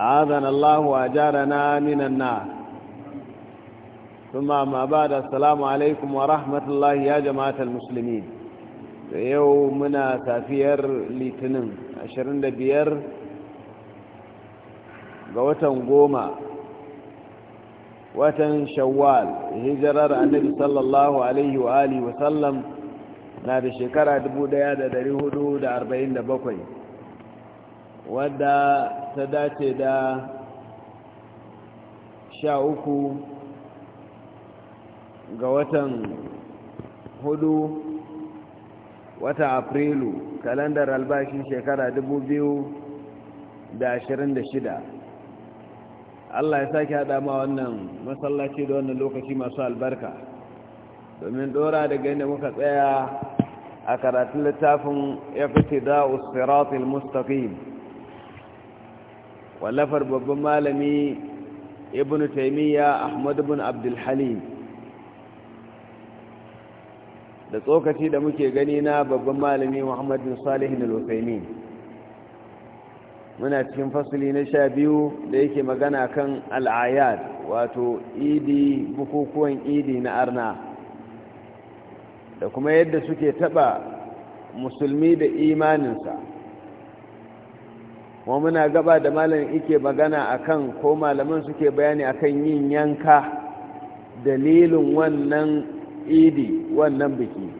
أعاذنا الله وأجارنا من النار ثم ما بعد السلام عليكم ورحمة الله يا جماعة المسلمين يومنا سافير لتنم عشرين دبير قوة قومة watan shawwal hijirar annabi sallallahu alaihi wa alihi wasallam na da shekara 1447 wadda ta dace da sha uku ga watan hudu wata afrilu kalandar albashin shekara da da shida. Allah ya sake haɗa ma wannan masallaci da wannan lokaci masu albarka domin ɗora da gani muka tsaya a karatun littafin ya fi tida usfiratul mustaqim wallafar babban malami ibn taimiyya ahmad ibn abdulhalim da tsokaci da muke gani na babban malami muhammad bin salihin al muna cikin fasili na sha biyu da yake magana kan al'ayat wato idi bukukuwan idi na arna da kuma yadda suke taba musulmi da imaninsa kuma muna gaba da malamin ike magana akan ko malaman suke bayani akan yin yanka dalilin wannan idi wannan biki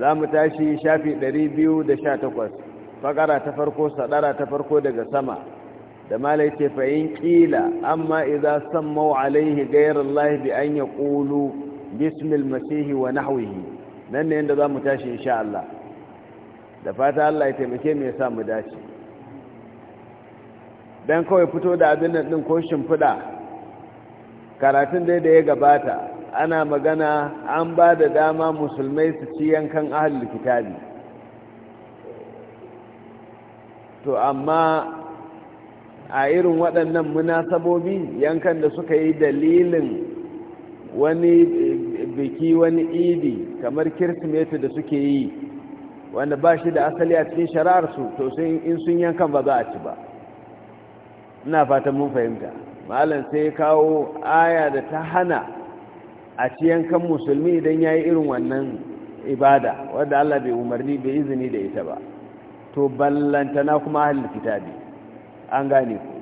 za mu tashi shafi 218 fakara ta farko sadara ta farko daga sama da malai ce fahim ƙila amma iza san alaihi gayar Allah bi an ya ƙulu bismil masihi wa nahwihi nan ne yadda za mu tashi insha Allah da fata Allah ya taimake mu ya sa mu dace dan kawai fito da abin nan din ko shimfiɗa karatun dai da ya gabata ana magana an ba da dama musulmai su ci yankan ahal kitabi to amma a irin waɗannan munasabobi yankan da suka yi dalilin wani eh, biki wani idi kamar kirsimeti da suke yi wanda ba shi da asali a cikin su to sai in sun yankan ba za a ci ba ina fatan mun fahimta malam sai ya kawo aya da ta hana a ci yankan musulmi idan ya yi irin wannan ibada wadda allah bai umarni bai izini da ita ba to ballantana kuma ahalin kitabi an gane ku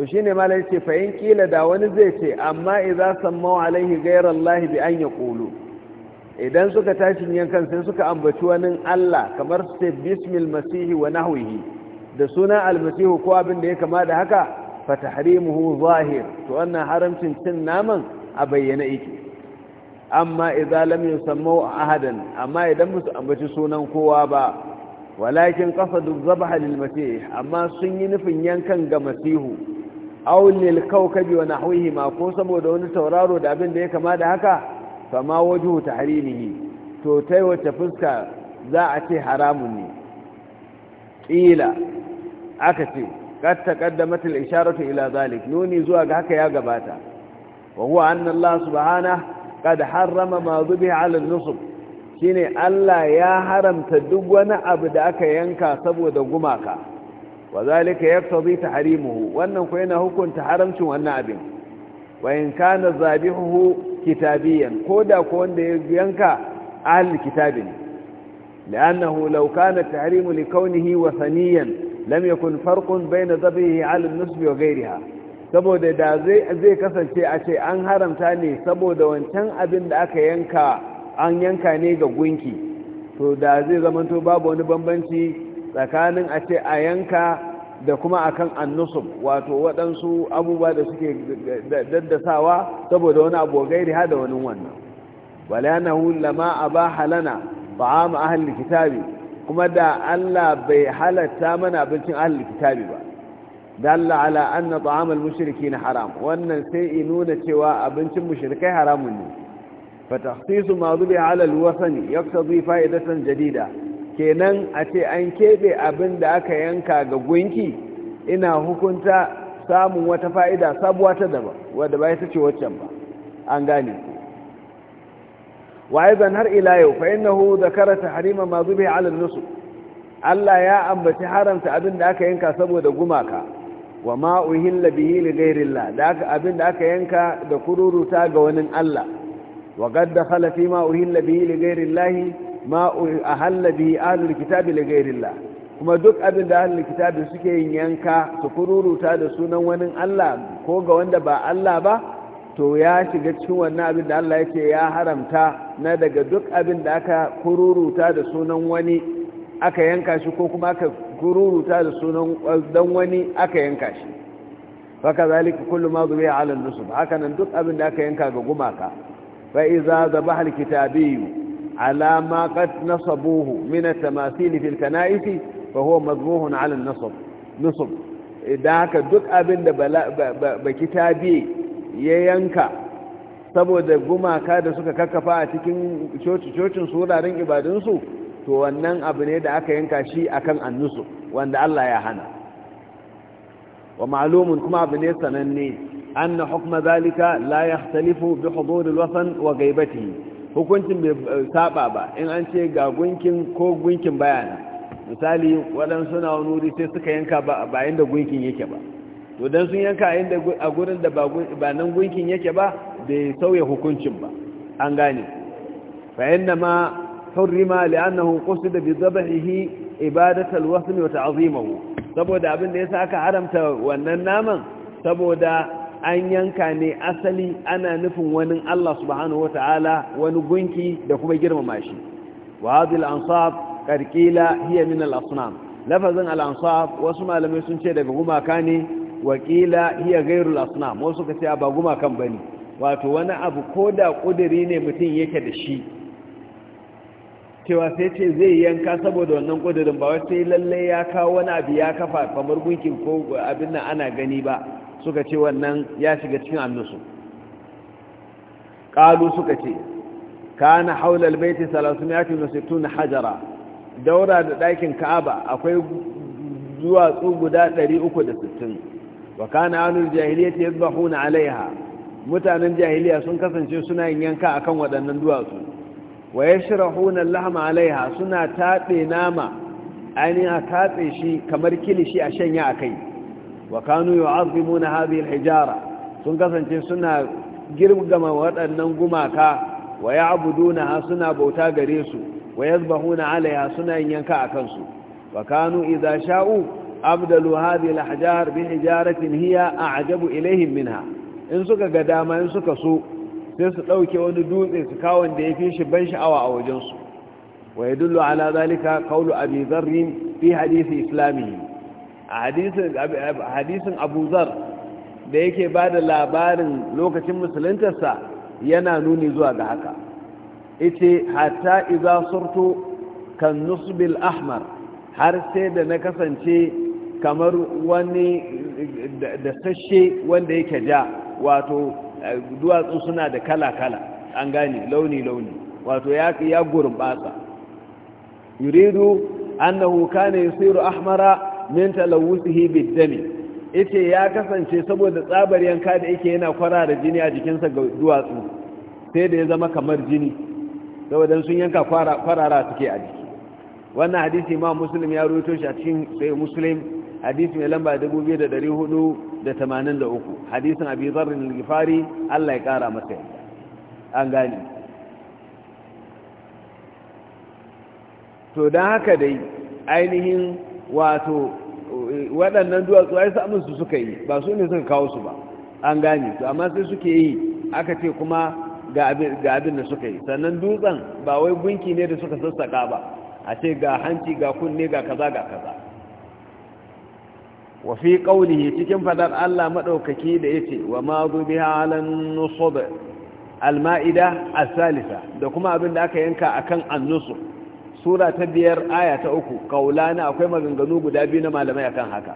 to shi ne ce fahim da wani zai ce amma iza sammau alaihi gairar lahi bi an ya ƙulu idan suka tashi yankan sai suka ambaci wani Allah kamar su bismil masihi wa nahwihi da suna almasihu ko abin da ya kama da haka fa tahrimuhu zahir to wannan haramcin cin naman a bayyana yake amma idza lam yusammu ahadan amma idan musu ambaci sunan kowa ba walakin qasadu dhabha lil masih amma sun yi nufin yankan ga masihu aw lil kawkabi wa nahwihi ma ko saboda wani tauraro da abin da ya kama da haka fama waje ta harinihi to ta yi fuska za a ce haramun ne ƙila aka ce ƙatta ƙaddamatul isharatu ila zalik nuni zuwa ga haka ya gabata wa huwa anna Allah subhanahu qad harrama ma zubiha nusuf. shine Allah ya haramta duk wani abu da aka yanka saboda gumaka wa zalika yaqtadi tahrimuhu wannan ko yana hukunta haramcin wannan abin wa in kana zabihuhu kitabiyan ko da ko wanda ya yanka ahlul kitabi ne لأنه لو كان التحريم لكونه وثنيا لم يكن فرق بين ذبحه على النسب وغيرها saboda da zai kasance a ce an haramta ne saboda wancan abin da aka yanka an yanka ne ga gunki to da zai zamanto babu wani bambanci tsakanin a ce a yanka da kuma akan annusum wato waɗansu abubuwa da suke daddasawa saboda wani abu gairi hada wani wannan walanahu lama aba halana ta'am ahli kitabi kuma da Allah bai halatta mana abincin ahli kitabi ba dalla ala anna ta'am al na haram wannan sai inuna cewa abincin mushrikai haramun ne fa takhsisu ma dhubi ala al-wasani yaqtadi fa'idatan jadida kenan a ce an keɓe abin da aka yanka ga gunki ina hukunta samun wata fa'ida sabuwa ta daba wadda ba ita ce waccan ba an gane waye zan har ila yau fa da zakara Harima ma zube ala nusu Allah ya ambaci haramta abin da aka yanka saboda gumaka wa ma uhilla bihi li ghairillah da aka abin da aka yanka da kururuta ga wani Allah wa qad dakhala fi ma uhilla bihi li Lahi? ma ahalla bihi ahlul kitabi li ghayrillah kuma duk abin da ahlul kitabi suke yin yanka su kururuta da sunan wani Allah ko ga wanda ba Allah ba to ya shiga cikin wannan abin da Allah yake ya haramta na daga duk abin da aka kururuta da sunan wani aka yanka shi ko kuma aka kururuta da sunan dan wani aka yanka shi faka zalika kullu ma zubiya ala nusub haka nan duk abin da aka yanka ga gumaka fa iza zabaha alkitabiyu على ما قد نصبوه من التماثيل في الكنائس فهو مضموه على النصب نصب da haka duk abin da biya ya yanka saboda gumaka da suka kakkafa a cikin cocin surarin ibadunsu to wannan abu ne da aka yanka shi akan annusu wanda Allah ya hana wa malumin kuma abu ne sananne anna hukma zalika la yahtalifu bi huduril wasan wa gaibatihi hukuncin bai eh, saba ba in an ce ga gunkin ko gunkin bayana misali waɗansu na wani sai suka yanka ba a inda gunkin yake ba to don sun yanka a gurin da ba nan gunkin yake ba bai sauya hukuncin ba an gane bayan da ma hurrima li'annahu da bi dhabhihi ibadatar wasu ne wata azimahu? saboda abin da sa aka haramta wannan naman saboda an yanka ne asali ana nufin wani Allah subhanahu Ta'ala wani gunki da kuma girmama shi wa hadhihi al-ansab qarqila hiya min al-asnam lafazin al-ansab wasu malamai sun ce daga gumaka ne wa qila hiya ghayru al-asnam wasu kace ba gumakan bane wato wani abu koda kudiri ne mutum yake da shi cewa sai ce zai yanka saboda wannan kudirin ba wai sai lalle ya kawo wani abu ya kafa kamar gunkin ko abin nan ana gani ba suka ce wannan ya shiga cikin annusu ƙalu suka ce kana haula albayti 360 hajara daura da ɗakin ka'aba akwai duwatsu guda 360 wa kana anul jahiliyyati yadhbahuna alaiha mutanen jahiliya sun kasance suna yin yanka akan waɗannan duwatsu wa yashrahuna al-lahma alaiha suna tatse nama ainiha a tatse shi kamar kilishi a shanya akai wa kanu yu'azzimuna hadhihi hijara sun kasance suna girgama waɗannan gumaka wa ya'budunaha suna bauta gare su wa yazbahuna alaya suna yin yanka a su wa kanu sha'u abdalu hadhihi al-hijar bi hijaratin hiya a'jabu ilaihim minha in suka ga dama in suka so sai su dauke wani dutse su kawo ya fi shi ban sha'awa a wajen su wa yadullu ala zalika kaulu abi dharr fi hadisi islamiyya hadisin abu zar da yake ba da labarin lokacin musuluntarsa yana nuni zuwa ga haka ita hatta iza surto kan nusbil ahmar har sai da na kasance kamar wani da sashe wanda yake ja wato eh, duwatsu suna da kala-kala an gane launi-launi wato ya gurbasa yuridu annahu kana yusiru ahmara min talawusihi biddami yace ya kasance saboda tsabar yanka da yake yana kwara da jini a jikinsa ga duwatsu sai da ya zama kamar jini saboda sun yanka kwarara suke a jiki wannan hadisi ma muslim ya rubuto shi a cikin sai muslim hadisi mai lamba 2483 hadisin abi zarrin al-ghifari Allah ya kara masa an gani to dan haka dai ainihin wato waɗannan duwatsu ai samun su suka yi ba su ne suka kawo su ba an gane to amma sai suke yi aka ce kuma ga abin da suka yi sannan dutsen ba wai gunki ne da suka sassaka ba a ce ga hanci ga kunne ga kaza ga kaza wa fi qawlihi cikin fadar Allah madaukaki da yace wa ma biha alan nusub al-ma'ida as-salisa da kuma abin da aka yanka akan an-nusub sura ta biyar aya ta uku kaulana akwai maganganu guda biyu na malamai akan haka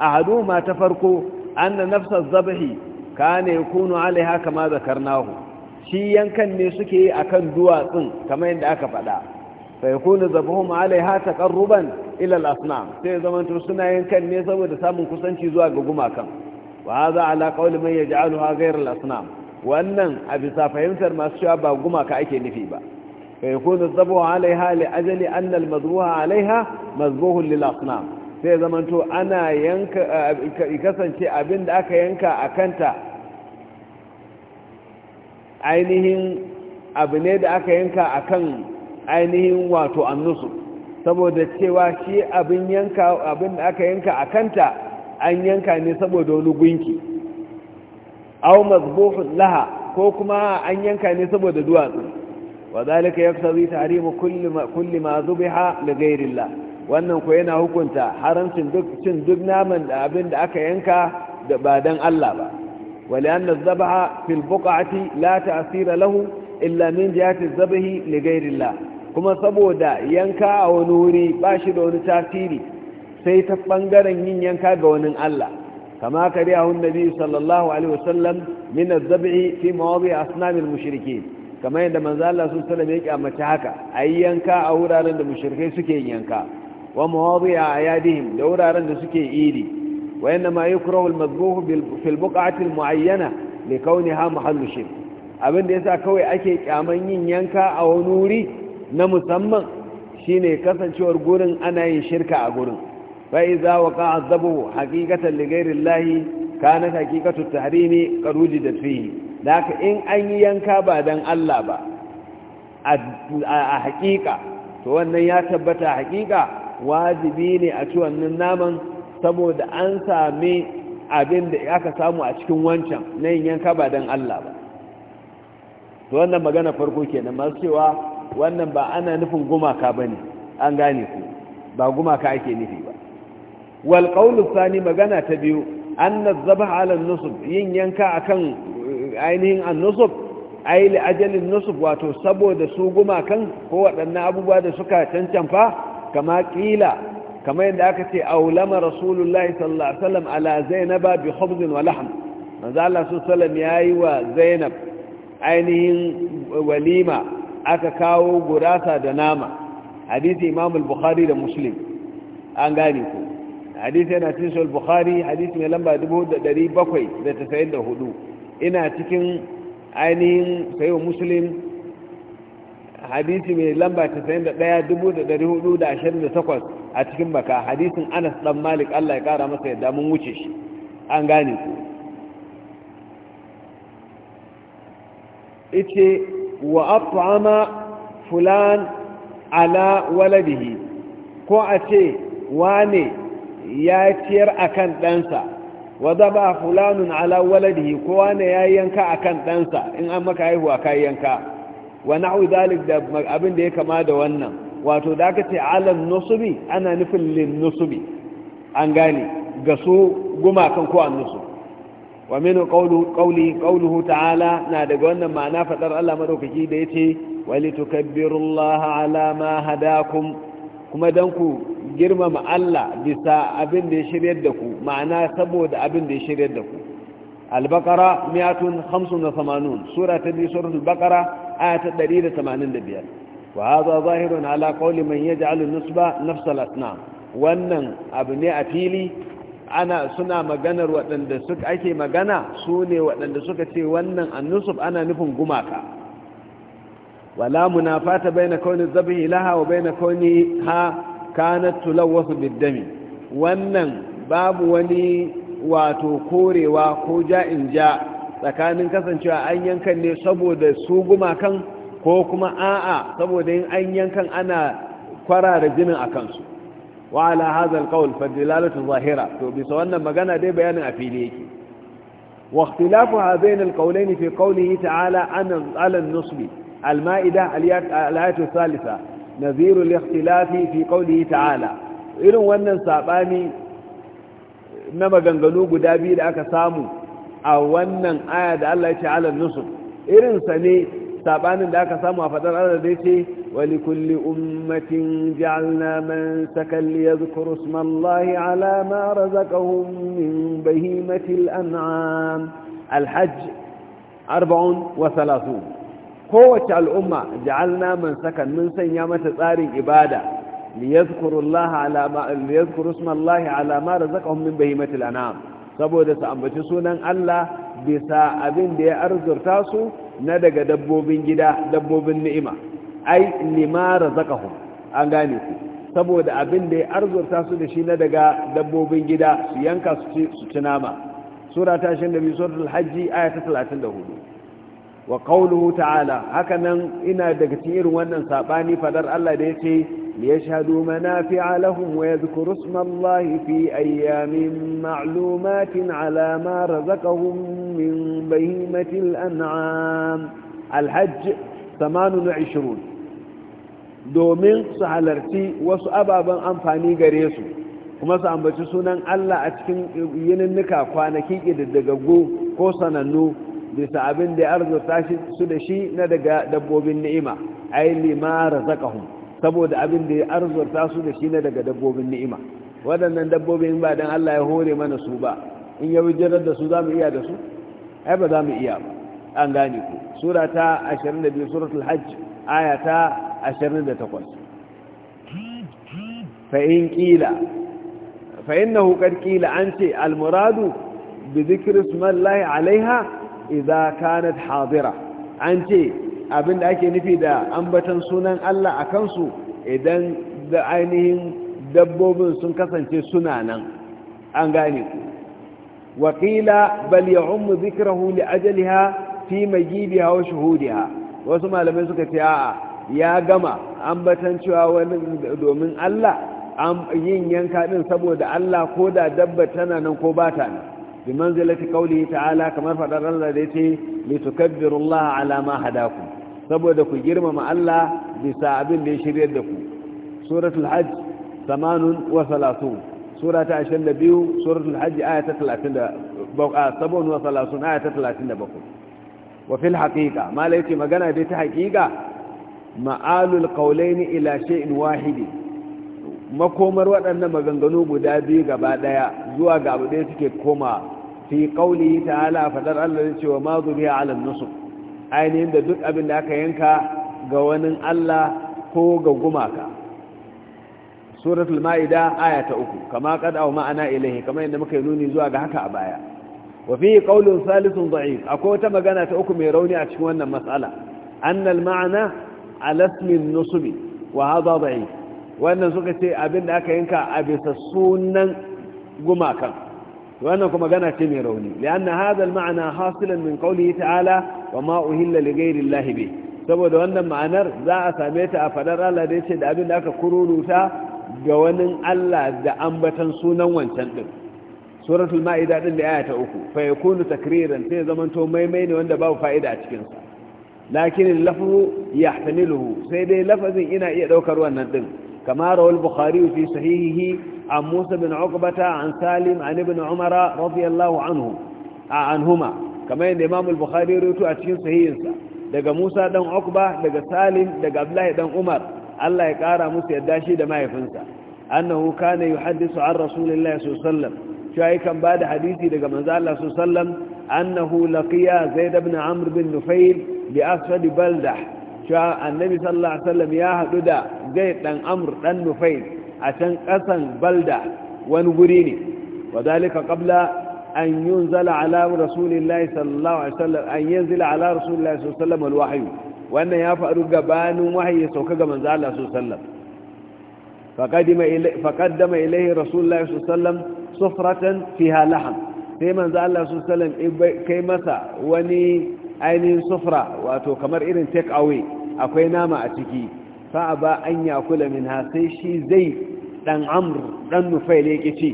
ahaduma ta farko anna nafsa zabhi kana yakunu alaiha kama zakarnahu shi yankan ne suke yi akan duwatsun kamar yadda aka faɗa fa yakunu zabhum alaiha taqarruban ila ilal asnam sai zaman to suna yankan ne saboda samun kusanci zuwa ga gumakan wa hadha ala ya man yaj'aluha ghayra al-asnam wannan a bisa fahimtar masu cewa ba gumaka ake nufi ba فيكون الذبح عليها لأجل أن المذبوح عليها مذبوح للأصنام sai zamanto ana yanka kasance abin da aka yanka a kanta ainihin abu ne da aka yanka a kan ainihin wato annusu saboda cewa shi abin yanka abin da aka yanka a kanta an yanka ne saboda wani gunki au mazbuhun laha ko kuma an yanka ne saboda duwatsu وذلك يقتضي تحريم كل ما, كل ما ذبح لغير الله wannan ko yana hukunta haramcin duk cin duk naman da abin da aka yanka da ba dan Allah ba wali anna zabaha fil buqati la ta'sira lahu illa min jihati zabahi li Allah kuma saboda yanka a wani wuri ba shi da wani tasiri sai ta bangaren yin yanka ga wani Allah kama kariyahu annabi sallallahu alaihi wasallam min az-zab'i fi mawadi asnam al-mushrikeen kamar yadda manzo Allah su sallama ya kyamace haka ayi yanka a wuraren da mushrikai suke yin yanka wa mawadi'a ayadihim da wuraren da suke idi wa inna ma yukrahu al fil buq'ati al-mu'ayyana li kawniha mahallu shirk abin da yasa kawai ake kyaman yin yanka a wani wuri na musamman shine kasancewar gurin ana yin shirka a gurin fa idza waqa'a adhabu haqiqatan li ghayri Allah kanat haqiqatu tahrimi fihi da haka in an yi yanka ba don Allah ba a hakika to wannan ya tabbata hakika wajibi ne a ci wannan naman saboda an sami abin da aka samu a cikin wancan na yin yanka ba don Allah ba to wannan magana farko ke da masu cewa wannan ba ana nufin gumaka ba ne an gane ku ba gumaka ake nufi ba wal qawlu magana ta biyu na zaba halin nusu yin yanka akan ainihin annusuf ai li ajalin nusuf wato saboda su gumakan ko waɗannan abubuwa da suka cancanfa kama kila kama yadda aka ce aulama rasulullahi sallallahu alaihi wasallam ala zainaba bi khubzin wa lahm manzo Allah sallallahu yayi wa zainab ainihin walima aka kawo gurasa da nama hadisi imam al-bukhari da muslim an gane ku hadisi yana cikin sahih bukhari hadisi mai lamba 1794 ina cikin ainihin sayo muslim hadisi mai lamba 91,428 a cikin baka hadisin anas dan malik allah ya kara masa yadda mun wuce shi an gane ku ita wa at'ama fulan ala waladihi ko a ce wane ya ciyar akan ɗansa wadda ba fulanun ala waladihi kowa ne ya yanka a kan ɗansa in an maka haihuwa ka yanka wa na'u zalik da abin da ya kama da wannan wato da aka ce alan nusubi ana nufin lin nusubi an gane ga su gumakan ko an nusu wa min qawli qawluhu ta'ala na daga wannan ma'ana fadar Allah madaukaki da yace wa litukabbirullaha ala ma hadakum kuma don ku girmama Allah bisa abin da ya shiryar da ku ma'ana saboda abin da ya shiryar da ku albakara miyatun hamsin da samanun sura ta biyu albakara, bakara aya ɗari da tamanin da biyar wa haza zahirun ala qawli man yaj'alu ba nafsal asnam wannan abu ne a fili ana suna maganar waɗanda suka ake magana su ne waɗanda suka ce wannan Nusuf ana nufin gumaka wala munafata baina kauni zabihi laha wa baina kauni ha kanat tulawwasu biddami wannan babu wani wato korewa ko ja'in ja tsakanin kasancewa an yankan ne saboda su gumakan ko kuma a'a saboda yin an yankan ana kwarara jinin a kansu wa ala hadha alqawl fadilalatu zahira to bisa wannan magana dai bayanin a fili yake wa ikhtilafu hadain alqawlain fi qawlihi ta'ala an ala an المائدة الآية الثالثة نذير الاختلاف في قوله تعالى إلو أن سعباني نما غنغلوب دابير سامو أو أن آية الله تعالى النصر إلو سني سعباني سامو أفضل على ذاتي ولكل أمة جعلنا من سكن ليذكر اسم الله على ما رزقهم من بهيمة الأنعام الحج أربع وثلاثون kowace al'umma ja'alna man sakan mun sanya mata tsarin ibada liyadhkuru Allah ala ma liyadhkuru isma Allah ala ma razaqahum min bahimatil an'am saboda su ambaci sunan Allah bisa abin da ya arzurta su na daga dabbobin gida dabbobin ni'ima ai lima razaqahum an gane ku saboda abin da ya arzurta su da shi na daga dabbobin gida su yanka su ci nama sura ta 22 suratul hajji aya ta 34 wa qawluhu ta'ala hakanan ina daga cikin irin wannan sabani fadar Allah da yace li yashhadu manafi'a lahum wa yadhkuru ismallahi fi ayyamin ma'lumatin ala ma razaqahum min bahimatil an'am alhajj 28 domin su halarci wasu ababen amfani gare su kuma su ambaci sunan Allah a cikin yininnika kwanaki ƙididdigaggu ko sanannu bisa abin da ya arzuta su da shi na daga dabbobin ni'ima ai lima razaqahum saboda abin da ya arzuta su da shi na daga dabbobin ni'ima waɗannan dabbobin ba dan Allah ya hore mana su ba in ya wujirar da su za mu iya da su ai ba za mu iya ba an gane ku sura ta 22 suratul hajj aya ta 28 fa in qila fa innahu qad qila an ce al muradu bi dhikri ismi Allah alaiha idza kanat hadira an ce abinda ake nufi da ambatan sunan Allah a kansu idan da ainihin dabbobin sun kasance suna nan an gane ku waƙila bal ya ummu zikirahu li ajaliha fi majibiha wa shuhudiha wasu malamai suka ce a'a ya gama ambatan cewa wani domin Allah yin yanka din saboda Allah ko da dabba tana nan ko ba ta nan bi manzilati qawlihi ta'ala kamar fadar Allah da yace li tukabbiru Allah ala ma saboda ku girmama Allah bisa abin da ya shiryar da ku suratul hajj 38 sura ta 22 suratul hajj aya ta 37 aya ta 37 wa fil haqiqa ma la yace magana dai ta haqiqa ma'alul qawlaini ila shay'in wahidi makomar waɗannan maganganu guda biyu gaba ɗaya zuwa ga abu ɗaya suke koma fi ta ta'ala fadar Allah ya ce wa ma biya ala nusuk ainihin da duk abin da aka yanka ga wani Allah ko ga gumaka suratul ma'ida aya ta uku kama kada wa ma'ana ilahi kama yadda muka yi nuni zuwa ga haka a baya wa fi kaulin salisun da'if akwai wata magana ta uku mai rauni a cikin wannan mas'ala anna ma'ana mana ala ismi an wa da'if wannan suka ce abin da aka yanka a bisa sunan gumakan wannan kuma gana ce mai rauni lianna hadha al hasilan min qawlihi ta'ala wa ma uhilla li ghayri allahi bi saboda wannan ma'anar za a same ta a fadar Allah da yace da abin da aka kururuta ga wani Allah da ambatan sunan wancan din suratul ma'ida din da aya ta uku fa yakunu takriran sai zamanto maimai ne wanda babu fa'ida a cikin sa lakin lafzu yahtamiluhu sai dai lafazin ina iya daukar wannan din كما روى البخاري في صحيحه عن موسى بن عقبة عن سالم عن ابن عمر رضي الله عنه عنهما كما ان امام البخاري رويته اتشين صحيحنسا daga Musa dan Uqba daga Salim daga Abdullahi dan Umar Allah ya kara musu yadda shi da mahaifinsa annahu kana yuhaddisu an rasulillahi sallallahu alaihi wasallam shi kan bada hadisi daga manzo Allah sallallahu alaihi wasallam annahu laqiya Zaid ibn Amr bin nufail bi asfad baldah annabi sallallahu alaihi wasallam ya haɗu da zai dan amur dan nufai a can kasan balda wani guri ne wadalika kabla an an yunzala ala rasulillahi sallallahu alaihi wasallam an yanzila ala rasulillahi sallallahu alaihi wasallam alwahyu wannan ya faru gabanin wahayi ya sauka ga manzo Allah sallallahu alaihi wasallam faqaddama ilayhi rasulullahi sallallahu alaihi wasallam sufratan fiha laham sai manzo Allah sallallahu alaihi wasallam kai masa wani ainihin sufra wato kamar irin take away akwai nama a ciki fa ba an ya kula min ha sai shi zai dan amr dan nufail yake ci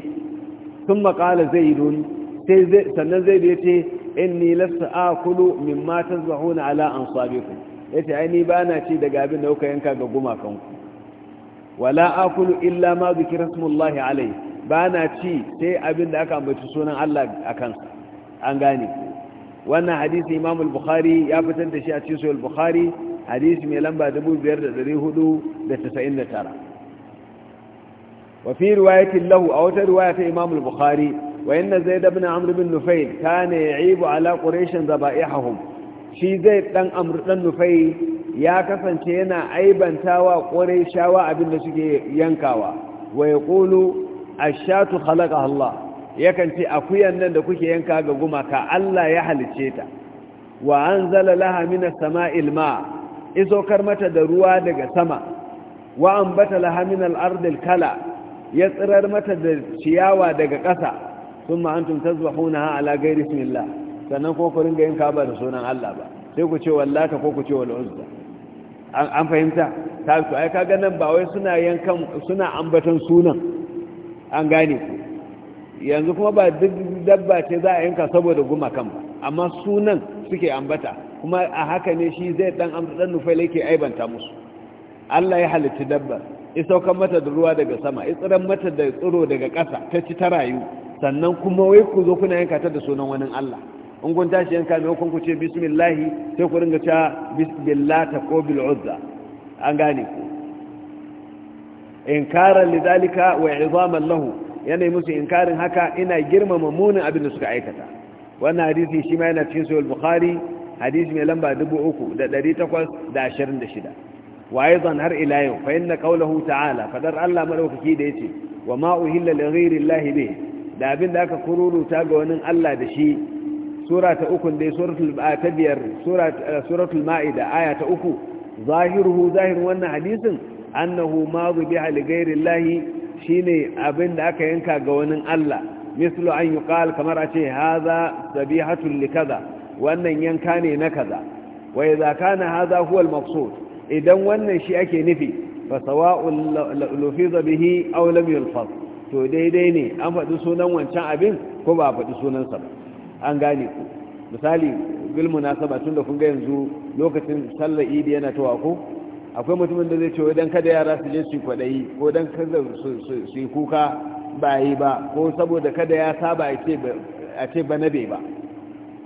sun makala zaidun sannan zaidu ya ce inni lasta akulu min matan zahuna ala an sabiku ya ce aini ba na ci daga abin da kuka yanka ga gumakanku wala akulu illa ma zikira Rasmullahi alai ba na ci sai abin da aka ambaci sunan allah a kansa an gane wannan hadisi imam al-bukhari ya fitar da shi a cikin sahih bukhari hadisi mai lamba 5499 وفي رواية له أو رواية إمام البخاري وإن زيد بن عمرو بن نفيل كان يعيب على قريش ذبائحهم shi zai dan amurɗan nufai ya kasance yana aibantawa ƙwarai shawa abinda suke yankawa wa ya ƙulu a shatu Allah yakan ce akuyan nan da kuke yanka ga gumaka Allah ya halice ta wa an zala laha mina Sama'il ma. iso mata da ruwa daga sama wa an batala min al-ardil kala ya tsirar mata da ciyawa daga ƙasa thumma antum tazbahunaha ala ghairi bismillah sannan ko kurin ga yin kaba da sunan Allah ba sai ku ce wallata ko ku ce wal uzza an fahimta ta su ai kaga nan ba wai suna yankan suna ambatan sunan an gane ku yanzu kuma ba duk dabba ce za a yanka saboda gumakan ba amma sunan suke ambata kuma a haka ne shi zai dan amsa dan nufail yake aibanta musu Allah ya halitta dabba ya saukan mata da ruwa daga sama ya mata da tsiro daga ƙasa ta ci ta rayu sannan kuma wai ku zo kuna yanka ta da sunan wani Allah in kun tashi yanka ne kun ku ce bismillah sai ku ringa cewa bismillah ta ko bil uzza an gane ku inkaran lidalika wa izama lahu yana musu inkarin haka ina girmama munin abin da suka aikata wannan hadisi shi ma yana cikin sahih bukhari hadisi mai lamba 3826 wa zan har ila yau fa inna qawluhu ta'ala fadar Allah madaukaki da ya ce wa ma uhilla li ghayri Allah da abin da aka kururuta ga wani Allah da shi sura ta dai ta biyar suratul maida aya ta uku zahiruhu zahirin wannan hadisin annahu ma zubiha li ghayri shine abin da aka yanka ga wani Allah mislu an yuqal kamar a ce hadha zabihatul likaza wannan yanka ne na kaza wa idza kana hadha huwa al-maqsud idan wannan shi ake nufi fa sawa'un lufiza bihi aw lam yulfaz to daidai ne an faɗi sunan wancan abin ko ba a faɗi sunansa ba an gane ku misali bilmu na tun da kun ga yanzu lokacin sallar idi yana tawa ko akwai mutumin da zai ce idan kada yara su je su kwaɗayi ko dan kada su kuka ba yi ba ko saboda kada ya saba a ce ba na bai ba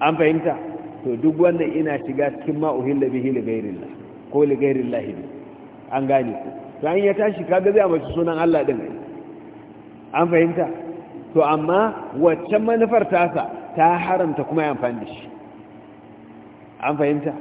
an fahimta to duk wannan ina shiga cikin ma'uhin da bihi ligairillah ko ligairillah ne an gane ku to an ya tashi kaga zai amince sunan Allah din an fahimta to amma waccan manufar tasa ta haramta kuma ya amfani da shi an fahimta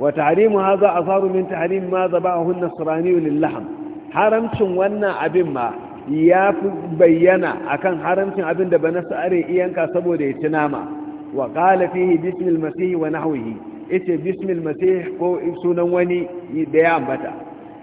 وتحريم هذا أثار من تحريم ما ذبعه النصراني للحم حرمت وانا أبما ya fi bayyana akan haramcin abin da bana sare iyanka saboda ya ci nama wa qala fihi bismil masih wa nahwihi ita bismil masih ko sunan wani da ya ambata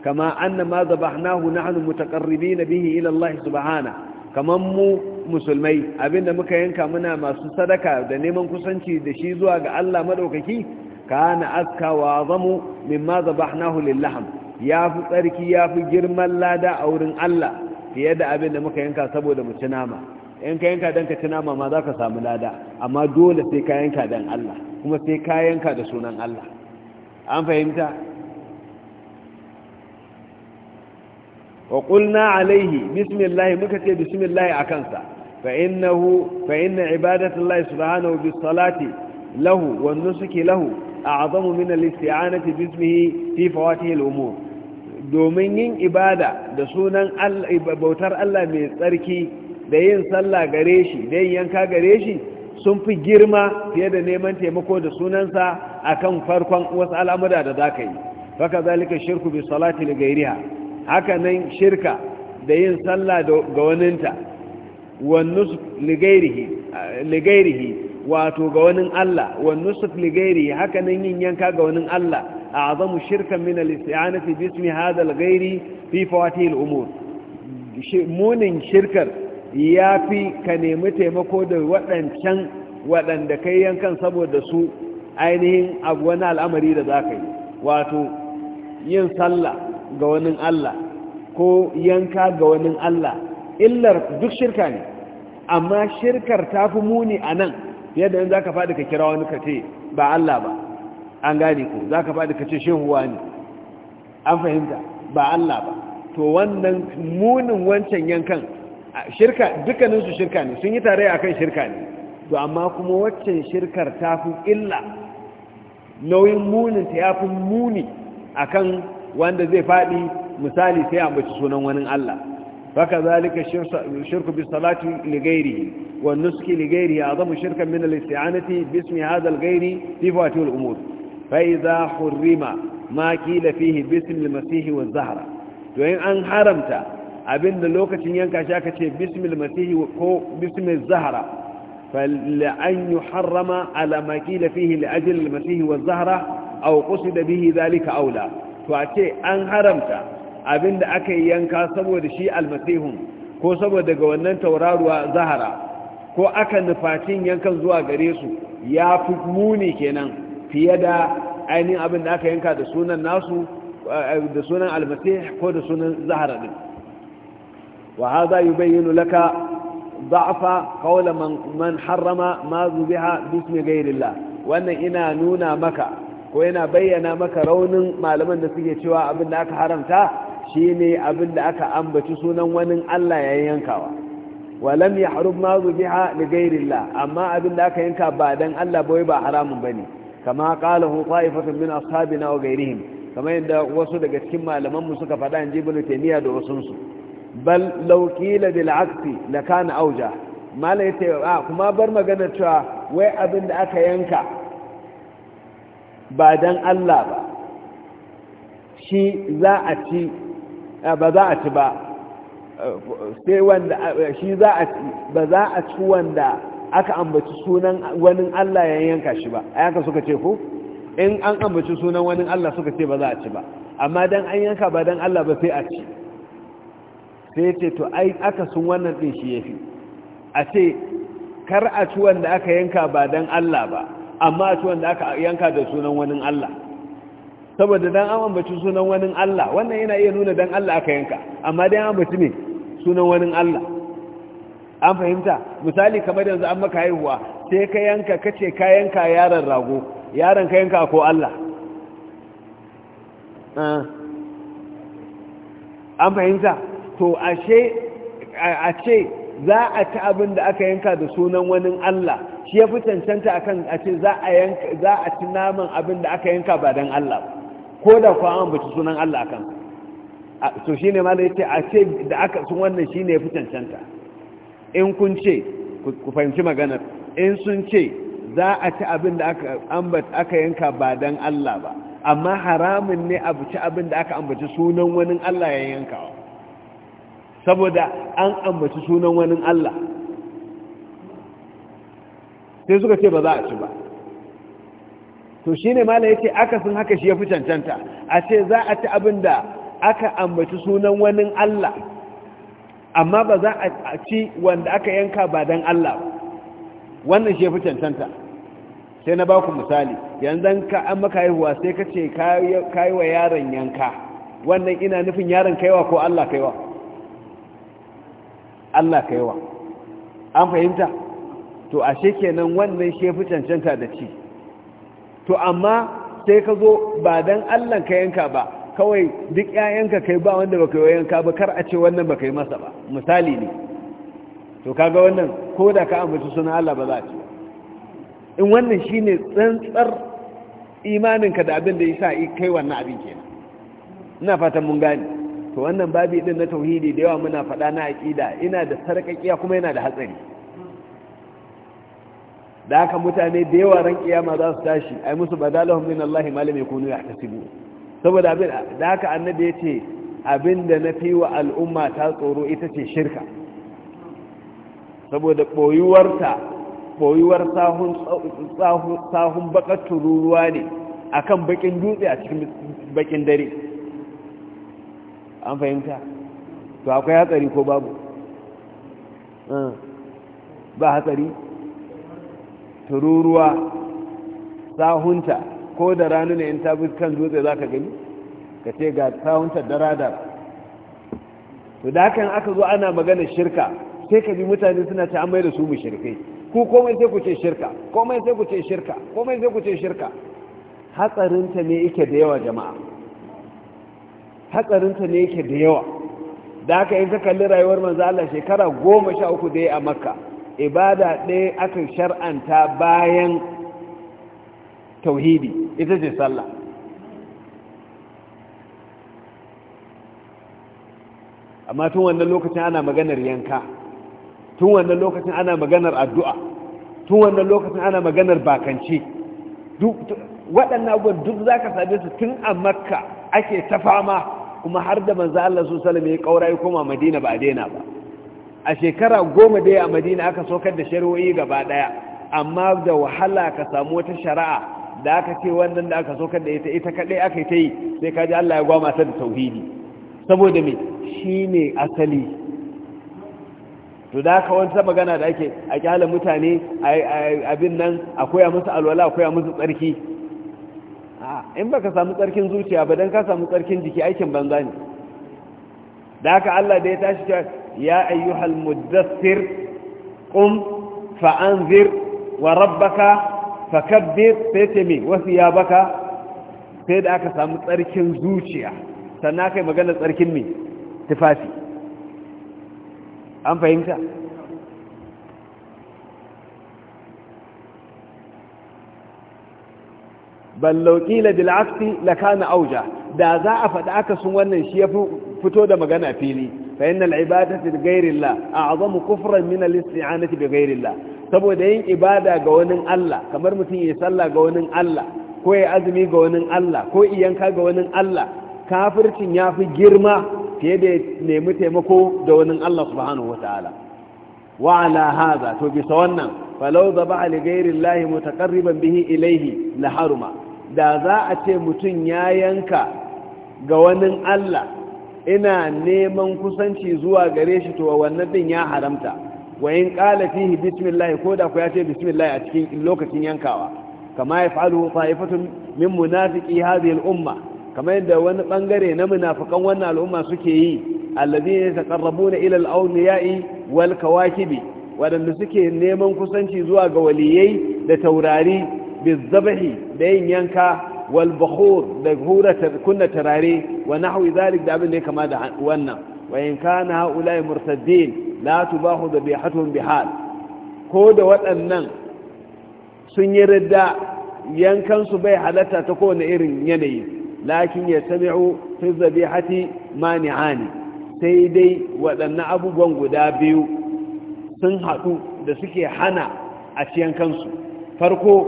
kama anna ma zabahnahu nahnu mutaqarribina bihi ila Allah subhana kaman mu musulmai abinda muka yanka muna masu sadaka da neman kusanci da shi zuwa ga Allah madaukaki kana aska wa azamu mimma zabahnahu lillaham ya fi tsarki ya fi girman lada a wurin Allah fiye da abin da muka yanka saboda mu ci nama in ka yanka dan ka ci nama ma za ka samu lada amma dole sai ka yanka dan Allah kuma sai ka yanka da sunan Allah an fahimta wa qulna alaihi bismillah muka ce bismillah akan sa fa innahu fa inna ibadatullahi subhanahu bis salati lahu wannan suke lahu a'zamu min al-isti'anati bismihi fi fawatihi al-umur domin yin ibada da sunan bautar Allah mai tsarki da yin sallah gare shi da yanka gare shi sun fi girma fiye da neman taimako da sunansa a kan farkon wasu al'amura da za ka yi faka zalika shirku bi salati da haka nan shirka da yin sallah ga waninta wannus ligairihi wato ga wani Allah wannus ligairihi haka nan yin yanka ga wani Allah أعظم شركا من الاستعانة باسم هذا الغير في فواتيه الأمور munin shirkar ya fi ka nemi taimako da waɗancan waɗanda kai yankan saboda su ainihin abu wani al'amari da za ka yi wato yin sallah ga wani Allah ko yanka ga wani Allah illar duk shirka ne amma shirkar ta fi muni a nan yadda za ka faɗi ka kira wani ka ba Allah ba an gane ku za ka faɗi ka ce shehuwa ne an fahimta ba Allah ba to wannan munin wancan yankan shirka dukkaninsu shirka ne sun yi tare a kan shirka ne to amma kuma waccan shirkar ta fi illa nauyin muninta ya fi muni a kan wanda zai faɗi misali sai ambaci sunan wani Allah haka zalika shirku bi salati li ghairihi wa nuski li ghairihi azamu shirkan min al-isti'anati bi ismi hadha al-ghairi fi fatul umur faiza hurrima ma kila fihi bismil masihi wa zahra to yin an haramta abinda lokacin yanka shi aka ce bismil masihi ko bismil zahra falla an yuharrama ala ma kila fihi masihi wa zahra aw qusida bihi dhalika aula to a ce an haramta abinda aka yi yanka saboda shi al masihun ko saboda ga wannan tauraruwa zahra, ko aka nufacin yankan zuwa gare su ya fi muni kenan fiye da ainihin abin da aka yanka da sunan nasu eh, da sunan almasih ko da sunan zahara din wa hadha yubayyinu laka da'fa qawla man man harrama ma zubiha bismi gairillah wannan ina nuna maka ko yana bayyana maka raunin malaman da suke cewa abin da aka haramta shi ne abin da aka ambaci sunan wani Allah yayin yankawa walam yahrum ma zubiha li gairillah amma abin da aka yanka ba dan Allah bai ba haramun bane kama qalahu ta'ifatu min ashabina wa ghayrihim kama yadda wasu daga cikin malaman mu suka faɗa in jibinu taymiya da wasun su bal law qila bil aqti la kana auja mala yace a kuma bar magana cewa wai abin da aka yanka ba dan Allah ba shi za a ci ba za a ci ba sai wanda shi za a ci ba za a ci wanda aka ambaci sunan wani Allah ya yanka shi ba a yanka suka ce ko in an ambaci sunan wani Allah suka ce ba za a ci ba amma dan an yanka ba dan Allah ba sai a ci sai ce to ai aka sun wannan din shi yafi a ce kar a ci wanda aka yanka ba dan Allah ba amma a ci wanda aka yanka da sunan wani Allah saboda dan an ambaci sunan wani Allah wannan yana iya nuna dan Allah aka yanka amma dan ambaci ne sunan wani Allah an fahimta misali kamar yanzu an maka haihuwa sai ka yanka ka ce ka yanka yaron rago yaron ka yanka ko Allah ah. an fahimta to ashe a ce za a ci abin da aka yanka da sunan wani Allah shi ya fi cancanta akan a ce za a ci naman abin da aka yanka ba don Allah ko da kuwa an baci sunan Allah a kan to shi ne ma da ya ce a ce da aka sun wannan shi ne ya fi cancanta in kun ce ku fahimci maganar in sun ce za a ci abin da aka ambata aka yanka ba dan Allah ba amma haramun ne a ci abin da aka ambaci sunan wani Allah ya ba? saboda an ambaci sunan wani Allah sai suka ce ba za a ci ba to shi ne mala yake sun haka shi ya fi cancanta a ce za a ci abin da aka ambaci sunan wani Allah amma ba za a ci wanda aka yanka ba don Allah wannan shi fi cancanta sai na baku misali yanzu ka an maka haihuwa sai ka ce kayi wa yaron yanka wannan ina nufin yaron kaiwa ko Allah kaiwa Allah kaiwa an fahimta to ashe kenan wannan shi fi cancanta da ci to amma sai ka zo ba don Allah ka yanka ba kawai duk 'ya'yanka kai ba wanda baka yi yanka ba kar a ce wannan baka yi masa ba misali ne to kaga wannan ko da ka ambaci sunan Allah ba za a ce in wannan shine tsantsar imaninka da abin da ya sa kai wannan abin kenan ina fatan mun gane to wannan babi din na tauhidi da yawa muna faɗa na aƙida ina da sarƙaƙiya kuma yana da hatsari da haka mutane da yawa ran kiyama za su tashi ai musu badalahum min Allah ma lam yakunu yahtasibun saboda abin da haka annabi ya ce abin da na fi wa al'umma ta tsoro ita ce shirka saboda ɓoyuwarta ɓoyuwar sahun bakar tururuwa ne a kan bakin dutse a cikin bakin dare an fahimta to akwai hatsari ko babu hmm. ba hatsari tururuwa sahunta ko da rana ne in tafi kan dutse za ka gani ka ce ga tsawuntar da to da hakan aka zo ana magana shirka sai ka bi mutane suna ta amai da su mu shirkai ku komai sai ku ce shirka komai sai ku ce shirka komai sai ku ce shirka hatsarinta ne yake da yawa jama'a hatsarinta ne yake da yawa da aka yi ka kalli rayuwar manzo Allah shekara goma sha uku da ya a makka ibada ɗaya aka shar'anta bayan tauhidi ita ce sallah amma tun wannan lokacin ana maganar yanka tun wannan lokacin ana maganar addu'a tun wannan lokacin ana maganar bakanci waɗannan abubuwan duk za ka same su tun a makka ake ta fama kuma har da manzo Allah su salama ya ƙaura ya koma madina ba a daina ba a shekara goma daya a madina aka saukar da shari'o'i gaba daya amma da wahala ka samu wata shari'a da aka ce wannan da aka kan da ita ita kadai aka ta yi sai ji Allah ya gwama ta da tauhidi saboda me shine asali to da aka wanta magana da ake a kyala mutane abin nan a koya musu alwala a koya musu tsarki in baka samu tsarkin zuciya ba dan ka samu tsarkin jiki aikin banza ne da aka Allah da ya tashi cewa ya ayyuhal muddassir qum fa'anzir wa rabbaka fakabbir sai ce me wasu ya baka sai da aka samu tsarkin zuciya sannan aka yi magana tsarkin me tufafi an fahimta ballauki la bil'afti la kana auja da za a faɗi aka sun wannan shi ya fito da magana fili fa innal ibadatu bi ghayri a a'zamu kufran min al-isti'anati bi ghayri saboda yin ibada ga wani Allah kamar mutum ya salla ga wani Allah ko ya azumi ga wani Allah ko iyanka ga wani Allah kafircin ya fi girma fiye da ya nemi taimako da wani Allah subhanahu wata'ala wa ala haza to bisa wannan falau zaba aligairin lahi Allah bihi ilaihi na haruma da za a ce mutum ya yanka ga wani Allah ina neman kusanci zuwa gare shi to wannan din ya haramta wa in qala fihi bismillah ko da ku ya ce bismillah a cikin lokacin yankawa kama yaf'alu ta'ifatun min munafiqi hadhihi al-umma kama yadda wani bangare na munafikan wannan al'umma suke yi alladhina yataqarrabuna ila al-awliya'i ya'i walkawakibi. wadanda suke neman kusanci zuwa ga waliyai da taurari bizabahi da yin yanka wal da hura kunna tarare wa nahwi zalik da abin da ya kama da wannan wa in kana ha'ula'i murtaddin la tubahu bihatun bihal ko da waɗannan sun yi ridda yankan su bai halatta ta kowane irin yanayi lakin ya sami'u fi zabihati mani'ani sai dai waɗannan abubuwan guda biyu sun haɗu da suke hana a ciyan kansu farko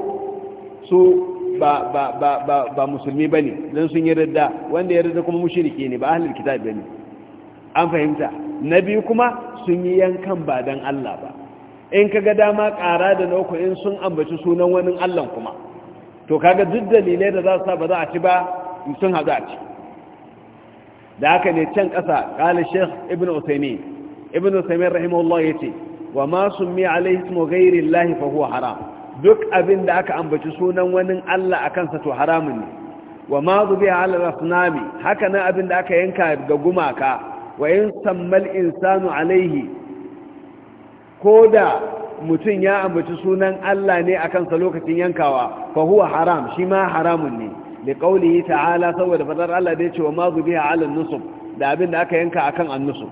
su ba, ba, ba, ba, ba musulmi ba ne don sun yi radda wanda ya radda kuma mushiriki ne ba ahalar kitab ba ne an fahimta na biyu kuma sun yi yankan ba don Allah ba in ka ga dama ƙara da nauku in sun ambaci sunan wani Allah kuma to kaga duk dalilai da za su ba za a ci ba sun haɗu a ci da haka ne can ƙasa ƙali sheikh ibn usaimin ibn usaimin rahimahullah ya ce wa ma mi alaihi ismu ghairi lahi fa huwa haram duk abin da aka ambaci sunan wani Allah a kansa to haramun ne wa ma zubiya halarar tsunami haka nan abin da aka yanka ga gumaka wa yin sammal insanu alaihi ko da mutum ya ambaci sunan Allah ne a kansa lokacin yankawa fa huwa haram shi ma haramun ne da ƙaunihi ta'ala saboda fadar Allah da ya ce wa ma zubi a alin nusuf da abin da aka yanka a kan an nusuf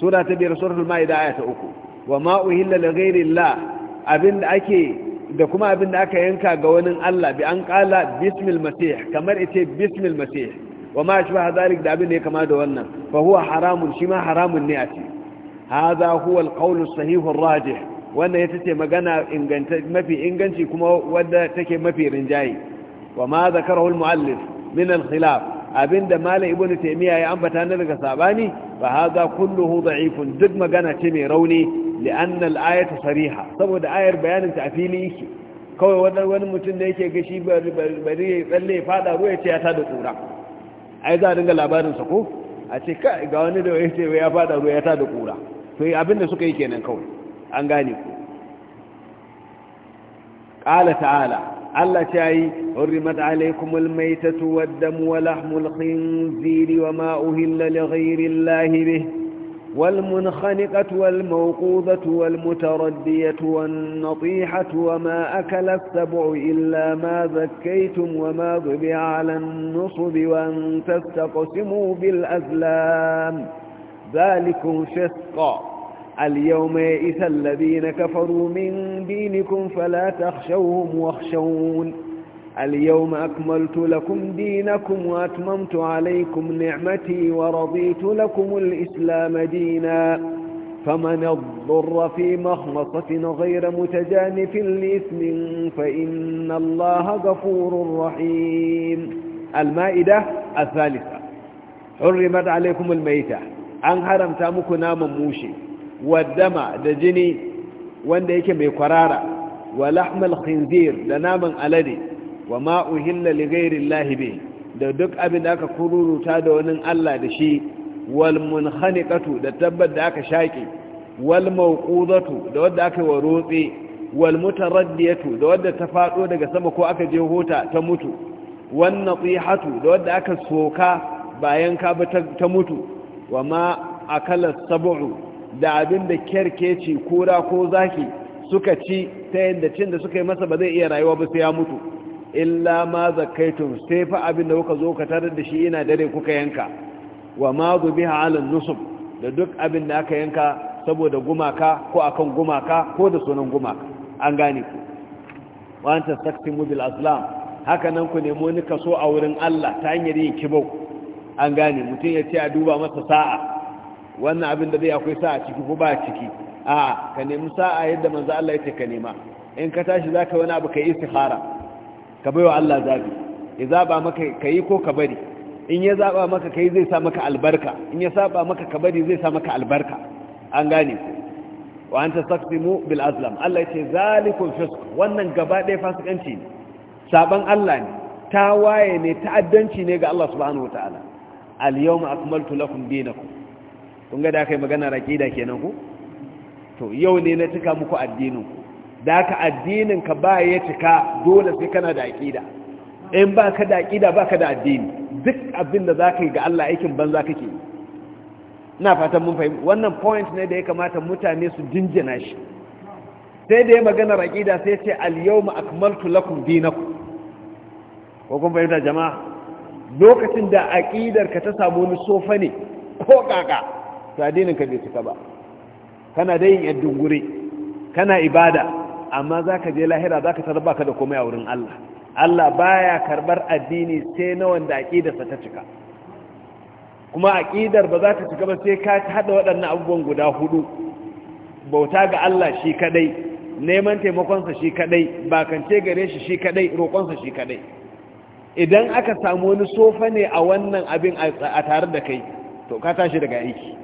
sura ta biyar suratul ma'ida aya ta uku wa ma uhilla li ghairi Allah abin da ake da kuma abin da aka yanka ga wani Allah bi an kala bismil masih kamar ita bismil masih wa ma ashbaha zalik da abin da ya kama da wannan fa huwa haramun shi ma haramun ne a ce hadha huwa alqawl as-sahih ar-rajih wannan ita ce magana inganta mafi inganci kuma wadda take mafi rinjaye wa ma zakarahu al min al-khilaf abinda malam ibnu taymiya ya ambata na daga sabani fa hadha kulluhu da'ifun duk magana ce mai rauni li'anna al-ayatu sariha saboda ayar bayanin ta a fili yake kawai wani mutum da yake gashi bari ya tsalle ya fada ruwa ya ce ya da tsura ai za a dinga labarinsa ko a ce ka ga wani da ya ce ya fada ruwa ya da kura to yi abinda suka yi kenan kawai an gane ku ƙala ta'ala Allah ta yi hurrimat alaikum almaitatu wad damu wa lahmul khinziri wa ma uhilla li والمنخنقة والموقوذة والمتردية والنطيحة وما أكل السبع إلا ما ذكيتم وما ضبع على النصب وأن تستقسموا بالأزلام ذلكم فسق اليوم يئس الذين كفروا من دينكم فلا تخشوهم واخشون اليوم أكملت لكم دينكم وأتممت عليكم نعمتي ورضيت لكم الإسلام دينا فمن الضر في مخلصة غير متجانف لإثم فإن الله غفور رحيم المائدة الثالثة حرمت عليكم الميتة أن حرم تامك نام موشي والدم دجني وان ديك ميقرارا ولحم الخنزير دنام ألدي wa ma uhilla li lahibe da duk abin da aka kururuta da wani Allah da shi wal munkhaniqatu da tabbat da aka shaki wal mawqudatu da wanda aka warotse wal mutaraddiyatu da wadda ta fado daga sama ko aka je hota ta mutu wan natihatu da wadda aka soka bayan ka ba ta mutu wa ma akala sab'u da abin da kerkeci kura ko zaki suka ci ta yadda cin da suka yi masa ba zai iya rayuwa ba sai ya mutu illa ma zakaitum sai fa abin da kuka zo ka tarar da shi ina dare kuka yanka wa ma zubiha ala nusub da duk abin da aka yanka saboda gumaka ko akan gumaka ko da sunan gumaka an gane ku wa anta taqtimu bil azlam haka nan ku nemo ni kaso a wurin Allah ta hanyar yin kibau an gane mutum ya ce a duba masa sa'a wannan abin da zai akwai sa'a ciki ko ba ciki a ka nemi sa'a yadda manzo Allah yake ka nema in ka tashi zaka wani abu kai istikhara ka bai wa Allah zabi ya zaba maka kai ko ka bari in ya zaba maka kai zai sa maka albarka in ya saba maka ka bari zai sa maka albarka an gane ku wa anta taqsimu bil azlam Allah yace zalikum fisq wannan gaba ɗaya fasikanci ne saban Allah ne tawaye ne ta'addanci ne ga Allah subhanahu wataala al yawma akmaltu lakum dinakum kun ga da kai magana raqida kenan ku to yau ne na cika muku addinin da aka addinin ka ba ya cika dole sai kana da aƙida. in ba ka da aƙida ba ka da addini duk abin da ka yi ga Allah aikin banza kake yi ina fatan mun fahimta wannan point ne da ya kamata mutane su jinjina shi sai da ya magana aƙida sai ce al-yawma akmaltu lakum dinakum ko kun fahimta jama'a lokacin da aqidar ka ta samu wani sofa ne ko kaka to addinin ka bai cika ba kana da yin yaddungure kana ibada amma za ka je lahira za ka tarba ka da komai a wurin Allah Allah baya karbar addini sai na wanda aƙidarsa ta cika kuma aƙidar ba za ta cika ba sai ka haɗa waɗannan abubuwan guda hudu bauta ga Allah shi kadai neman taimakonsa shi kadai bakance gare shi shi kadai roƙonsa shi kadai idan aka samu wani sofa ne a wannan abin a tare da kai to ka tashi daga aiki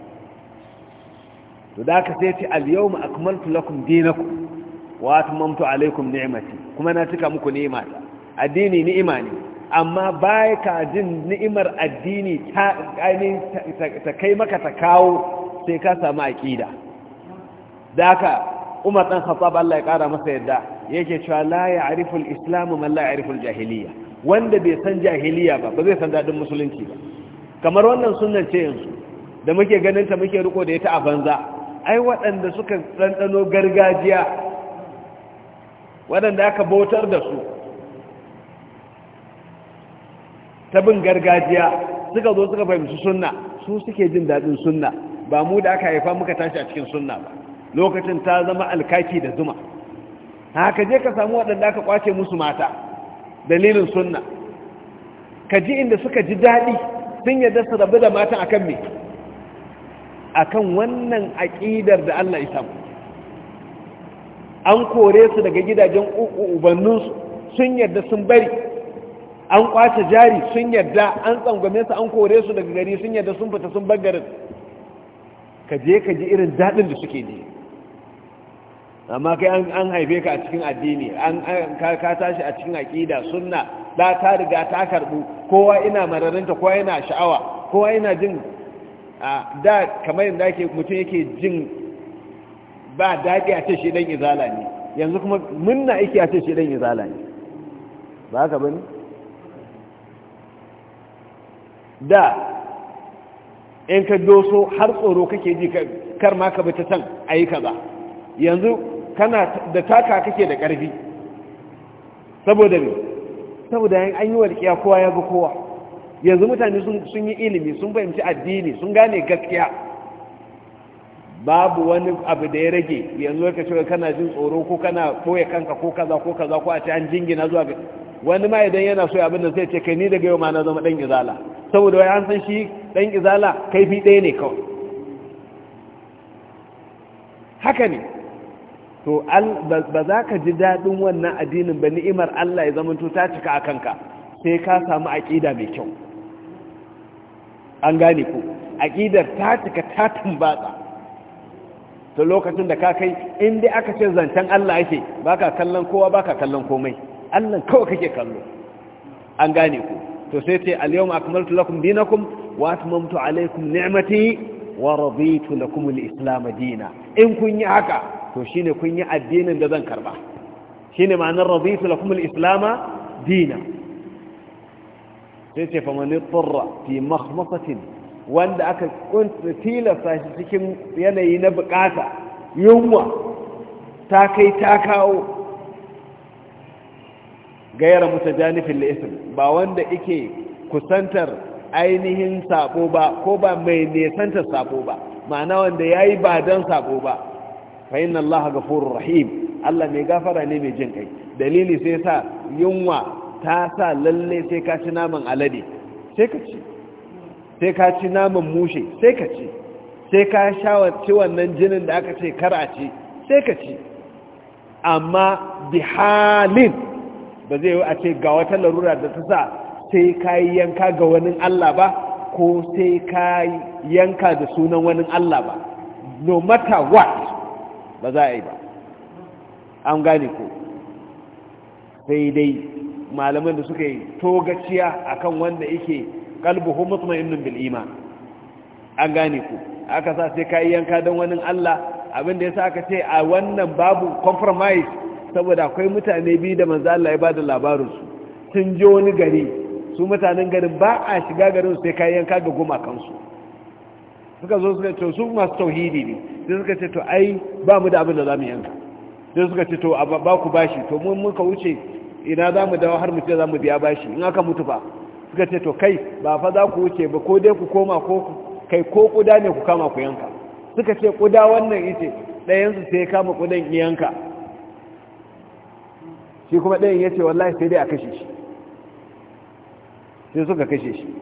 to da aka sai ce al yawma lakum dinakum wa atmamtu alaikum ni'mati kuma na cika muku ni'imata addini ni'ima ne amma bai ka jin ni'imar addini ta ta kai maka ta kawo sai ka samu aqida daka Umar dan Khattab Allah ya kara masa yadda yake cewa la ya'riful islam man la ya'riful jahiliya wanda bai san jahiliya ba ba zai san dadin musulunci ba kamar wannan sunnan ce yanzu da muke ganin ta muke riko da ita a banza ai waɗanda suka ɗanɗano gargajiya waɗanda aka bautar da su ta bin gargajiya suka zo suka fahimci sunna su suke jin daɗin sunna ba mu da aka haifa muka tashi a cikin sunna ba lokacin ta zama alkaki da zuma haka je ka samu waɗanda aka kwace musu mata dalilin sunna ka ji inda suka ji daɗi sun yadda su rabu da matan akan me akan wannan aƙidar da Allah ya samu an kore su daga gidajen ubanninsu sun yarda sun bari an kwace jari sun yarda an tsangwame su an kore su daga gari sun yarda sun fita sun bar garin ka je ka ji irin daɗin da suke ne amma kai an haife ka a cikin addini an ka tashi a cikin aƙida sunna da ta riga ta karɓu kowa ina mararinta kowa ina sha'awa kowa ina jin da kamar yadda mutum yake jin ba daɗi a ce shi ɗan izala ne yanzu kuma munna aiki a ce shi ɗan izala ne ba haka ba ne da in ka doso har tsoro kake ji kar ma ka bi ta can a yi kaza yanzu kana da taka kake da ƙarfi saboda ne saboda yin an yi walƙiya kowa ya ga kowa yanzu mutane sun yi ilimi sun fahimci addini sun gane gaskiya babu wani abu da ya rage yanzu ka ce kana jin tsoro ko kana koya kanka ko kaza ko kaza ko a ce an jingina zuwa ga wani ma idan yana so abin da zai ce kai ni daga yau ma na zama dan izala saboda wai an san shi dan izala kaifi ɗaya ne kawai haka ne to ba za ka ji daɗin wannan addinin ba ni'imar Allah ya zamanta ta cika a kanka sai ka samu aƙida mai kyau an gane ku aƙidar ta cika ta tumbatsa to lokacin da ka kai in aka ce zancen Allah ake baka kallon kowa baka kallon komai allan kawai kake kallo an gane ku to sai ce al-yawma akmaltu lakum dinakum wa atmamtu alaykum ni'mati wa raditu lakum al-islam dina in kun yi haka to shine kun yi addinin da zan karba shine ma'anar raditu lakum al-islam dina sai ce faman yutra fi makhmasatin wanda aka tilasta shi cikin yanayi na bukata yunwa ta kai ta kawo gaira mutajanifin laifin ba wanda ike kusantar ainihin sabo ba ko ba mai nesantar sabo ba ma'ana wanda ya yi ba don sabo ba fa inna Allah rahim Allah mai gafara ne mai jin kai dalili sai sa yunwa ta sa lalle sai ka ci naman alade sai ka ci sai ka ci naman mushe sai ka ci sai ka shawarci wannan jinin da aka ce kar a ci sai ka ci amma bi halin ba zai yi a ce ga wata larura da ta sa sai ka yi yanka ga wani Allah ba ko sai ka yanka da sunan wani Allah ba no matter what ba za a yi ba an gane ko sai dai malaman da suka yi togaciya akan wanda yake qalbuhu mutma'innun bil iman an gane ku aka sa sai kai yanka dan wani Allah abin da yasa aka ce a wannan babu compromise saboda akwai mutane bi da manzo Allah ya bada labarin su sun je wani gari su mutanen garin ba a shiga garin sai kai yanka ga gumakan kansu suka zo suka ce su masu tauhidi ne sai suka ce to ai ba mu da abin da za yanka sai suka ce to ba ku bashi to mun muka wuce ina zamu dawo har mu ce za mu biya bashi in aka mutu ba suka ce to kai ba fa za ku wuce ba ko dai ku koma ko kai ko kuda ne ku kama ku yanka suka ce kuda wannan ita ɗayansu sai ya kama kudan yanka shi kuma ɗayan ya ce wallahi sai dai a kashe shi sai suka kashe shi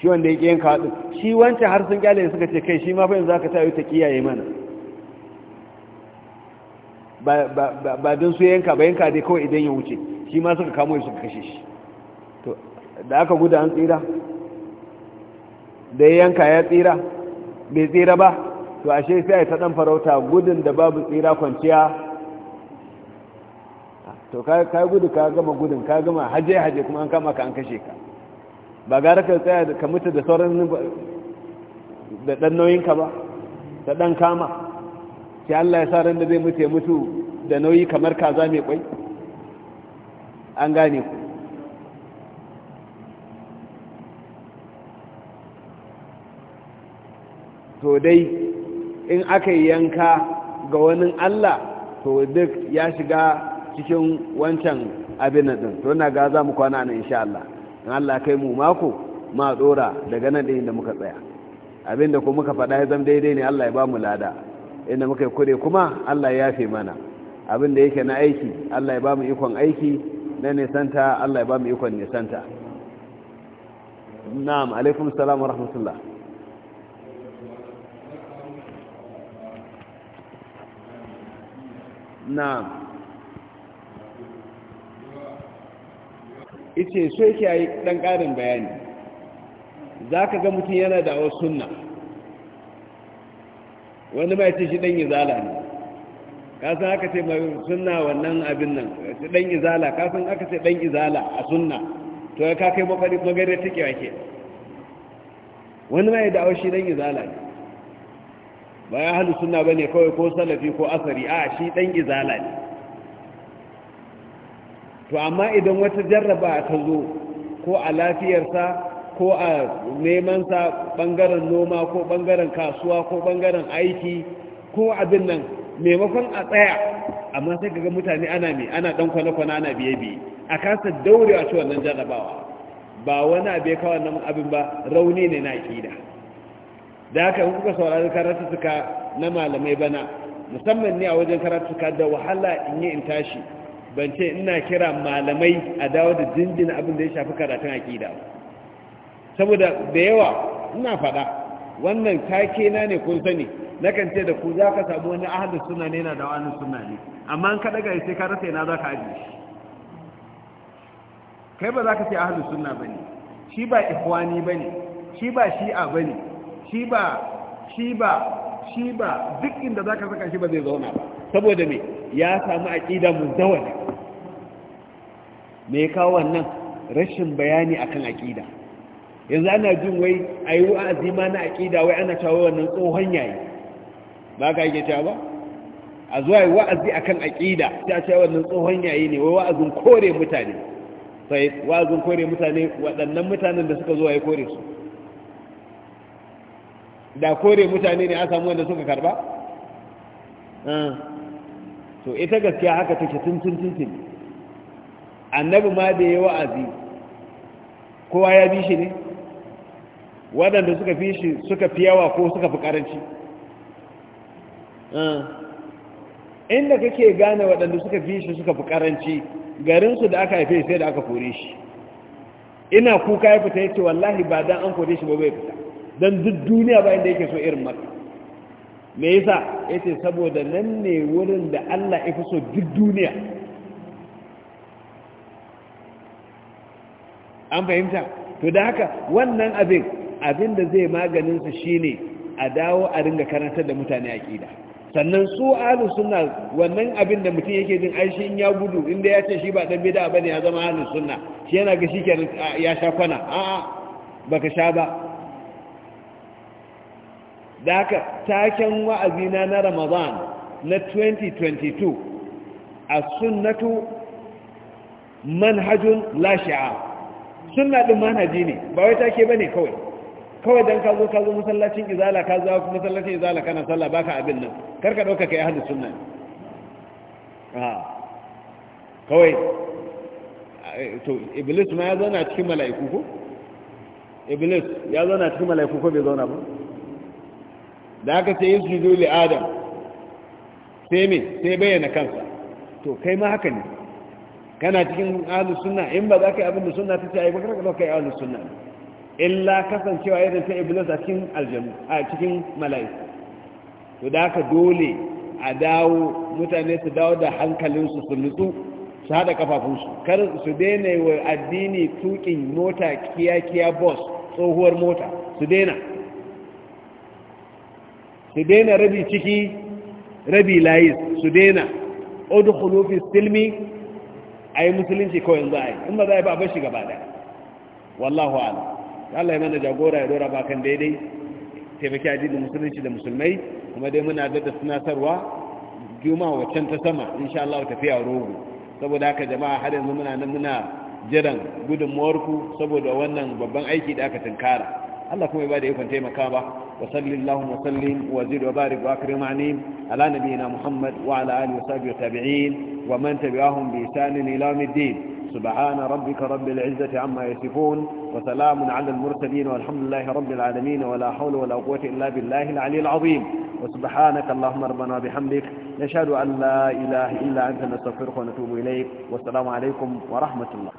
shi wanda ya yanka haɗu shi wancan har sun kyale suka ce kai shi ma fa yanzu ka sa ta kiyaye mana ba don su yanka ba yanka dai kawai idan ya wuce shi ma suka kamo shi suka kashe shi da aka gudu an tsira da ya yanka ya tsira bai tsira ba to ashe sai ta dan farauta gudun da babu tsira kwanciya to ka gudu ka gama gudun ka gama haje haje kuma an kama ka an kashe ka ba gara ka tsaya ka mutu da sauran da dan nauyinka ba da dan kama sai Allah ya sa ran da zai mutu ya mutu da nauyi kamar kaza mai kwai an gane ku to dai in aka yanka ga wani Allah to duk ya shiga cikin wancan abin din to na ga za mu kwana nan insha Allah in Allah kai mu mako ma dora daga nan din da muka tsaya abin da kuma muka faɗa ya zama daidai ne Allah ya ba mu lada inda muka kure kuma Allah ya yafe mana abin da yake na aiki Allah ya ba mu ikon aiki na nisanta Allah ya ba mu ikon nisanta na'am alaikum salaam wa rahmatullah na ice so yake a yi ɗan ƙarin bayani za ka ga mutum yana da awar sunna wani mai ce shi ɗan izala ne kasan aka ce mai sunna wannan abin nan ɗan izala kasan aka ce ɗan izala a sunna to ya kakai magare take wake wani mai da awar shi ɗan izala ne ba ya halu suna ba ne kawai ko salafi ko asari a shi ɗan izala ne to amma idan wata jarraba ta zo ko a lafiyarsa ko a nemansa ɓangaren noma ko ɓangaren kasuwa ko ɓangaren aiki ko abin nan maimakon a tsaya amma sai kaga mutane ana mai ana ɗan kwana-kwana ana biye-biye a kasa daure a ci wannan jarrabawa ba wani abin ba rauni ne na ƙida da haka in kuka saurari suka na malamai bana musamman ne a wajen suka, da wahala in yi in tashi ban ce ina kira malamai a dawo da jinjin abin da ya shafi karatun aƙida saboda da yawa ina faɗa wannan take na ne kun sani nakan ce da ku za ka samu wani ahalin suna ne na da wani suna ne amma an kaɗa gari sai ka rasa ina za ka aji. shi kai ba za ka ce ahalin suna ba ne shi ba ikwani ba ne shi ba shi'a ba ne shi ba shi ba shi ba duk inda za ka saka shi ba zai zauna ba saboda me ya samu aqida mu me mai kawo wannan rashin bayani akan aƙida yanzu ana jin wai a yi wa'azi ma na aƙida wai ana cewa wannan tsohon yayi ba ka yake cewa ba a zuwa yi wa'azi akan aƙida ta cewa wannan tsohon yayi ne wai wa'azin kore mutane sai wa'azin kore mutane waɗannan mutanen da suka zo ya kore su da kore mutane ne a samu wanda suka karba ah. to ita gaskiya haka take tuntun tuntun annabi ma da ya wa'azi kowa ya bi shi ne waɗanda suka fi shi suka fi yawa ko suka fi ƙaranci ah. inda kake gane waɗanda suka fi shi suka fi ƙaranci garinsu da aka haife sai da aka kore shi ina kuka ya fita ya ce wallahi ba don an kore shi ba bai fita don duk duniya bayan da yake so irin maka me yasa yace saboda nan ne wurin da Allah ya fi so duk duniya an fahimta to da haka wannan abin abin da zai maganinsa su shine a dawo a ringa karantar da mutane aqida sannan su ahlus sunna wannan abin da mutum yake jin ai shi in ya gudu inda ya ce shi ba dan bid'a bane ya zama ahlus sunna shi yana ga shi ya sha kwana a'a baka sha ba da aka taken wa'azina na ramadan na 2022 a sunnatu manhajun lashi'a sunna ɗin manhaji ne ba wai take ba ne kawai kawai don ka zo ka zo masallacin izala ka zo masallacin izala kana sallah baka abin nan karka ɗauka ka yi hannun sunna ah. kawai eh, to iblis ma ya zauna cikin mala'iku ko iblis ya zauna cikin mala'iku ko bai zauna ba da aka ce yin sujudu li adam sai me sai bayyana kansa to kai ma haka ne kana cikin ahlus sunna in ba za ka yi abin da sunna ta ce ai ba ka ka yi ahlus sunna illa kasancewa irin ta iblis a cikin aljanu a cikin mala'ika to da aka dole a dawo mutane su dawo da hankalin su su nutsu su haɗa kafafunsu kar su daina wa addini tukin mota kiyakiya kiya tsohuwar mota su daina su daina rabi ciki rabi layi su daina udkhulu fi silmi a yi musulunci kawai yanzu yi in ba za a yi ba a shi gaba da wallahu ala, Allah ya mana jagora ya dora bakan daidai taimaki addinin musulunci da musulmai kuma dai muna da sunasarwa juma waccan ta sama insha Allah tafiya rogo saboda haka jama'a har yanzu muna nan muna jiran gudunmuwarku saboda wannan babban aiki da aka tunkara Allah kuma ya bada ikon taimaka ba wa sallallahu wa sallim wa zid wa barik wa akrim anin ala nabiyina Muhammad wa ala alihi wa sahbihi tabi'in wa man tabi'ahum bi ihsan ila yawmiddin سبحان ربك رب العزة عما يصفون وسلام على المرسلين والحمد لله رب العالمين ولا حول ولا قوة إلا بالله العلي العظيم وسبحانك اللهم ربنا وبحمدك نشهد أن لا إله إلا أنت نستغفرك ونتوب إليك والسلام عليكم ورحمة الله